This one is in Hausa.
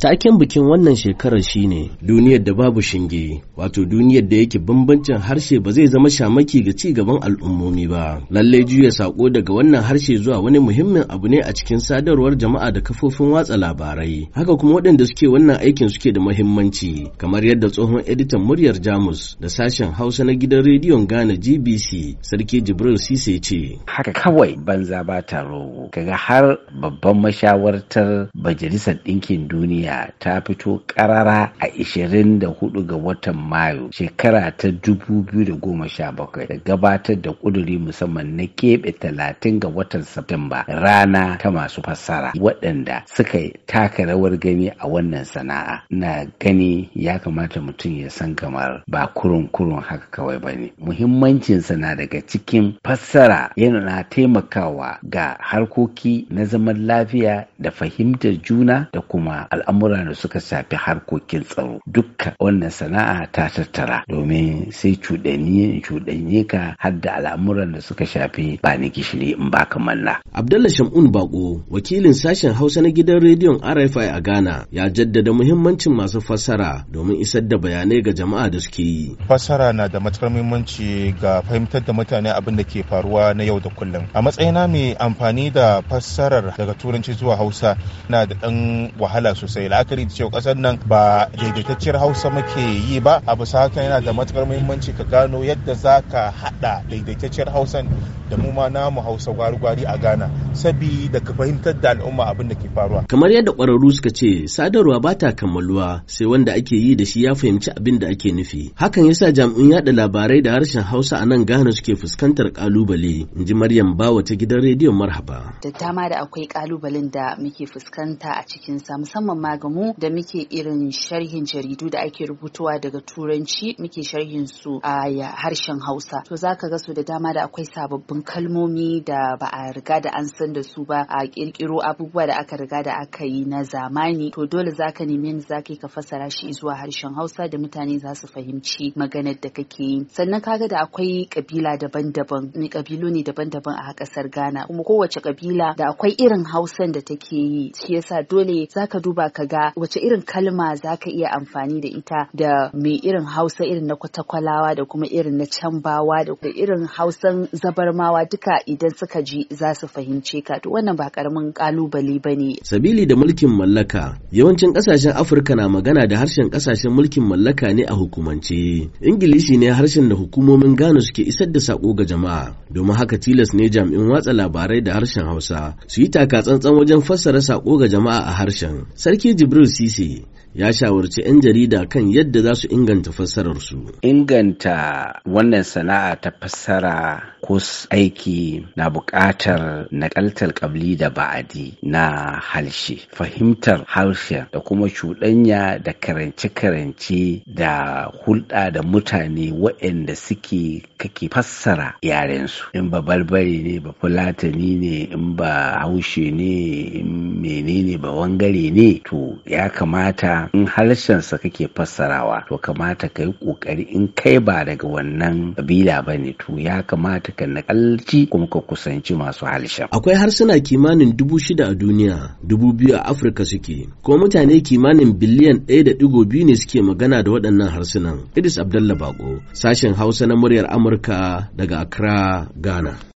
Taken bikin wannan shekarar shine duniyar da babu shinge, wato duniyar da yake bambancin harshe ba zai zama shamaki ga ci gaban al'ummomi ba. Lalle juya sako daga wannan harshe zuwa wani muhimmin abu ne a cikin sadarwar jama'a da kafofin watsa labarai. Haka kuma waɗanda suke wannan aikin suke da muhimmanci, kamar yadda tsohon editan muryar Jamus da sashen Hausa na gidan rediyon Ghana GBC, Sarki Jibril Sise ce. Haka kawai banza ba taro, kaga har babban mashawartar Majalisar Ɗinkin Duniya Najeriya ta fito karara a 24 ga watan Mayu shekara ta 2017 da gabatar da ƙuduri musamman na keɓe 30 ga watan Satumba rana ta masu fassara waɗanda suka taka rawar gani a wannan sana'a. Na gani ya kamata mutum ya san kamar ba kurun-kurun haka kawai ba ne. Muhimmancinsa na daga cikin fassara yana taimakawa ga harkoki na zaman lafiya da fahimtar juna da kuma al'amuran al'amura da suka shafi harkokin tsaro dukka wannan sana'a ta tattara domin sai cuɗanye cuɗanye ka har da al'amuran da suka shafi ba ni gishiri in ba kamar manna. Abdallah Shamun Bako wakilin sashen Hausa na gidan rediyon RFI a Ghana ya jaddada muhimmancin masu fassara domin isar da bayanai ga jama'a da suke yi. Fassara na da matukar muhimmanci ga fahimtar da mutane abin da ke faruwa na yau da kullum. A matsayina mai amfani da fassarar daga turanci zuwa Hausa na da ɗan wahala sosai la'akari da cewa kasar nan ba daidaitacciyar hausa muke yi ba a bisa haka yana da matukar muhimmanci ka gano yadda za ka haɗa daidaitacciyar hausan da mu ma namu hausa gwari-gwari a ghana sabida ka fahimtar da al'umma abin da ke faruwa kamar yadda ƙwararru suka ce sadarwa ba ta kammaluwa sai wanda ake yi da shi ya fahimci abin da ake nufi hakan yasa jami'un yaɗa labarai da harshen hausa a nan ghana suke fuskantar kalubale in ji maryam ba ta gidan rediyon marhaba da dama da akwai kalubalen da muke fuskanta a cikin sa musamman ma ga mu da muke irin sharhin jaridu da ake rubutuwa daga turanci muke sharhin su a harshen hausa to zaka ga su da dama da akwai sababbin kalmomi da ba a riga da an san da su ba a kirkiro abubuwa da aka riga da aka yi na zamani to dole zaka nemi za ka ka fassara shi zuwa harshen hausa da mutane za su fahimci maganar da kake yi sannan kaga da akwai kabila daban-daban ne kabilu ne daban-daban a kasar ghana kuma kowace kabila da akwai irin hausan da take yi shi yasa dole zaka duba ka ga wace irin kalma za ka iya amfani da ita da mai irin hausa irin na kwatakwalawa da kuma irin na canbawa da irin hausan zabarmawa duka idan suka ji za su fahimce ka to wannan ba karamin kalubale ba ne. sabili da mulkin mallaka yawancin kasashen afirka na magana da harshen kasashen mulkin mallaka ne a hukumance ingilishi ne harshen da hukumomin gano suke isar da sako ga jama'a domin haka tilas ne jami'in watsa labarai da harshen hausa su yi taka tsantsan wajen fassara sako ga jama'a a harshen sarki Sarki Jibril Sisi ya shawarci 'yan jarida kan yadda za su inganta fassararsu. Inganta wannan sana'a ta fassara ko aiki na buƙatar naƙaltar ƙabli da ba'adi na harshe fahimtar harshen da kuma cuɗanya da karance-karance da hulɗa da mutane waɗanda suke kake fassara yarensu in ba barbari ne ba fulatani ne in ba haushe ne in menene ba wangare ne to ya kamata in harshensa kake fassarawa to kamata ka yi ƙoƙari in kai ba daga wannan ƙabila ba ne to ya kamata kan nakalci kuma ka kusanci masu halsha Akwai harsuna kimanin dubu shida a duniya, dubu biyu a Afirka suke, kuma mutane kimanin biliyan ɗaya da ɗigo biyu ne suke magana da waɗannan harsunan. Idris Abdallah Bako, sashen Hausa na muryar Amurka daga Accra, Ghana.